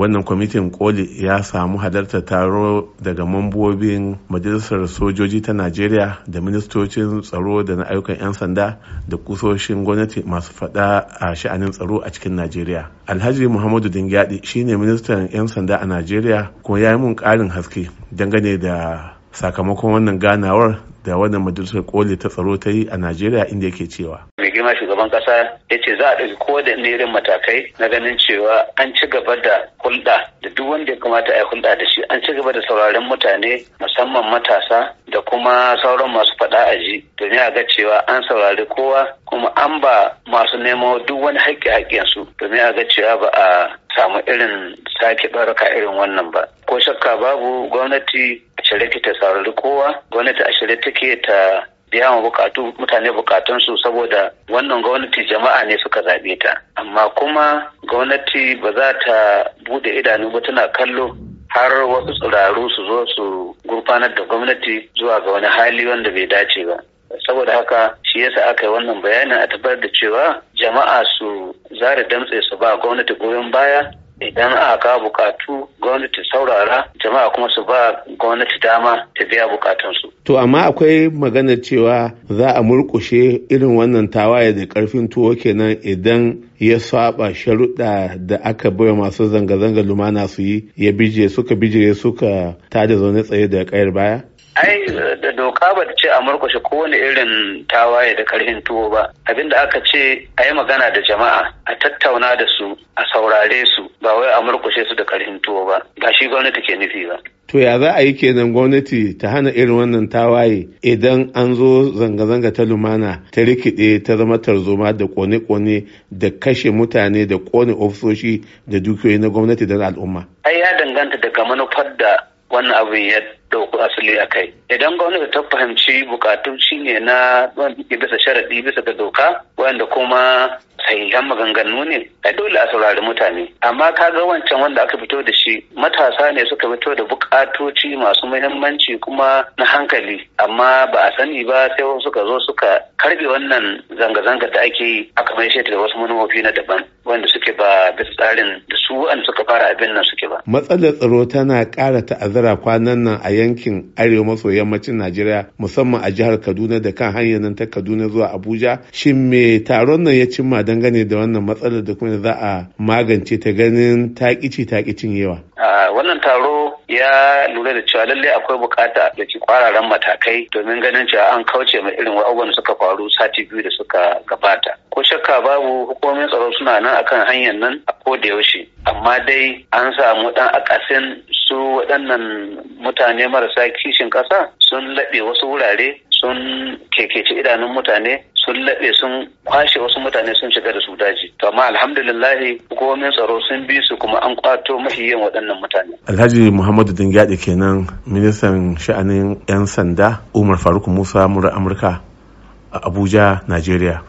wannan kwamitin koli ya samu halartar taro daga mambobin majalisar sojoji ta najeriya da ministocin tsaro da na ayyukan 'yan sanda da kusoshin gwamnati masu fada a sha'anin tsaro a cikin najeriya alhaji muhammadu dingyadi shine ministan 'yan sanda a najeriya kuma ya yi mun karin haske dangane da sakamakon wannan ganawar da wannan majalisar koli ta tsaro ta yi a najeriya inda yake cewa girma shugaban kasa ya ce za a ɗauki ko da irin matakai na ganin cewa an ci gaba da hulɗa da duk wanda ya kamata a yi hulɗa da shi an ci gaba da sauraron mutane musamman matasa da kuma sauran masu faɗa a ji domin a ga cewa an saurari kowa kuma an ba masu nemo duk wani haƙƙi haƙƙinsu domin a ga cewa ba a samu irin sake baraka irin wannan ba ko shakka babu gwamnati a shirye ta saurari kowa gwamnati a shirye take ta biya ma bukatu mutane bukatun su saboda wannan gwamnati jama'a ne suka zaɓe ta amma kuma gwamnati ba za ta bude idanu ba tana kallo har wasu tsiraru su zo su gurfanar da gwamnati zuwa ga wani hali wanda bai dace ba saboda haka shi yasa aka yi wannan bayanin a tabbatar da cewa jama'a su zara damtse su ba gwamnati goyon baya idan aka bukatu gwamnati saurara jama'a kuma su ba gwamnati dama ta biya bukatunsu. To amma akwai magana cewa za a murkushe irin wannan tawaye da karfin tuwo kenan idan ya saba sharuɗa da aka baiwa masu zanga-zanga lumana su yi ya bije suka bije suka tada zaune tsaye da kayar baya? ai da doka ba ta ce a murkushe kowane irin tawaye da karfin tuwo ba abinda aka ce a yi magana da jama'a a tattauna da su a saurare su ba wai a murkushe su da karfin tuwo ba ba shi gwamnati ke nufi ba to ya za a yi kenan gwamnati ta hana irin wannan tawaye idan an zo zanga-zanga ta lumana ta rikide ta zama tarzoma da kone-kone da kashe mutane da kone ofisoshi da dukiyoyi na gwamnati da al'umma ai ya danganta daga manufar da wannan abu ya dauku asali a kai idan gwamnati ta fahimci bukatun shine na bisa sharaɗi bisa ga doka wanda kuma sahihan maganganu ne ai dole a saurari mutane amma ka ga wancan wanda aka fito da shi matasa ne suka fito da bukatoci masu muhimmanci kuma na hankali amma ba a sani ba sai wasu suka zo suka karbe wannan zanga-zanga da ake yi a mai shi da wasu manufofi na daban wanda suke ba bisa tsarin da su wanda suka fara abin nan suke ba matsalar tsaro tana ƙara ta'azzara kwanan nan a yankin arewa maso yammacin najeriya musamman a jihar kaduna da kan hanyar nan ta kaduna zuwa abuja shin me taron nan ya cimma dangane da wannan matsalar da kuma za a magance ta ganin takici takicin yawa wannan taro ya lura da cewa lallai akwai bukata da ci kwararan matakai domin ganin cewa an kauce ma irin wa'abubuwan da suka faru sati biyu da suka gabata shakka babu hukumomin tsaro suna nan akan hanyar nan a da yaushe amma dai an samu dan akasin su waɗannan mutane marasa kishin ƙasa sun laɓe wasu wurare sun kekeci idanun mutane sun laɓe sun kwashe wasu mutane sun shiga da su daji to amma alhamdulillahi hukumomin tsaro sun bi su kuma an kwato mahiyan waɗannan mutane alhaji muhammadu dingyadi kenan ministan sha'anin yan sanda umar faruk musa mura amurka a abuja najeriya